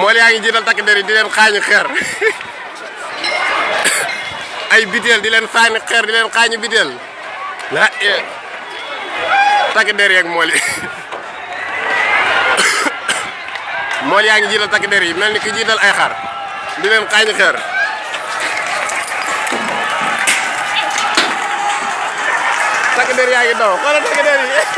mool yaa ngi jiital takk der yi di leen xaañi xeer ay biteel di leen xaañi xer di leen xaañi biteel la e-, takk der yeeg mool yi mool yaa ngi jiital takk der yi mel ni ki jiital ay xar di leen xaañi xeer takk der yaa ngi daw xoolal takk der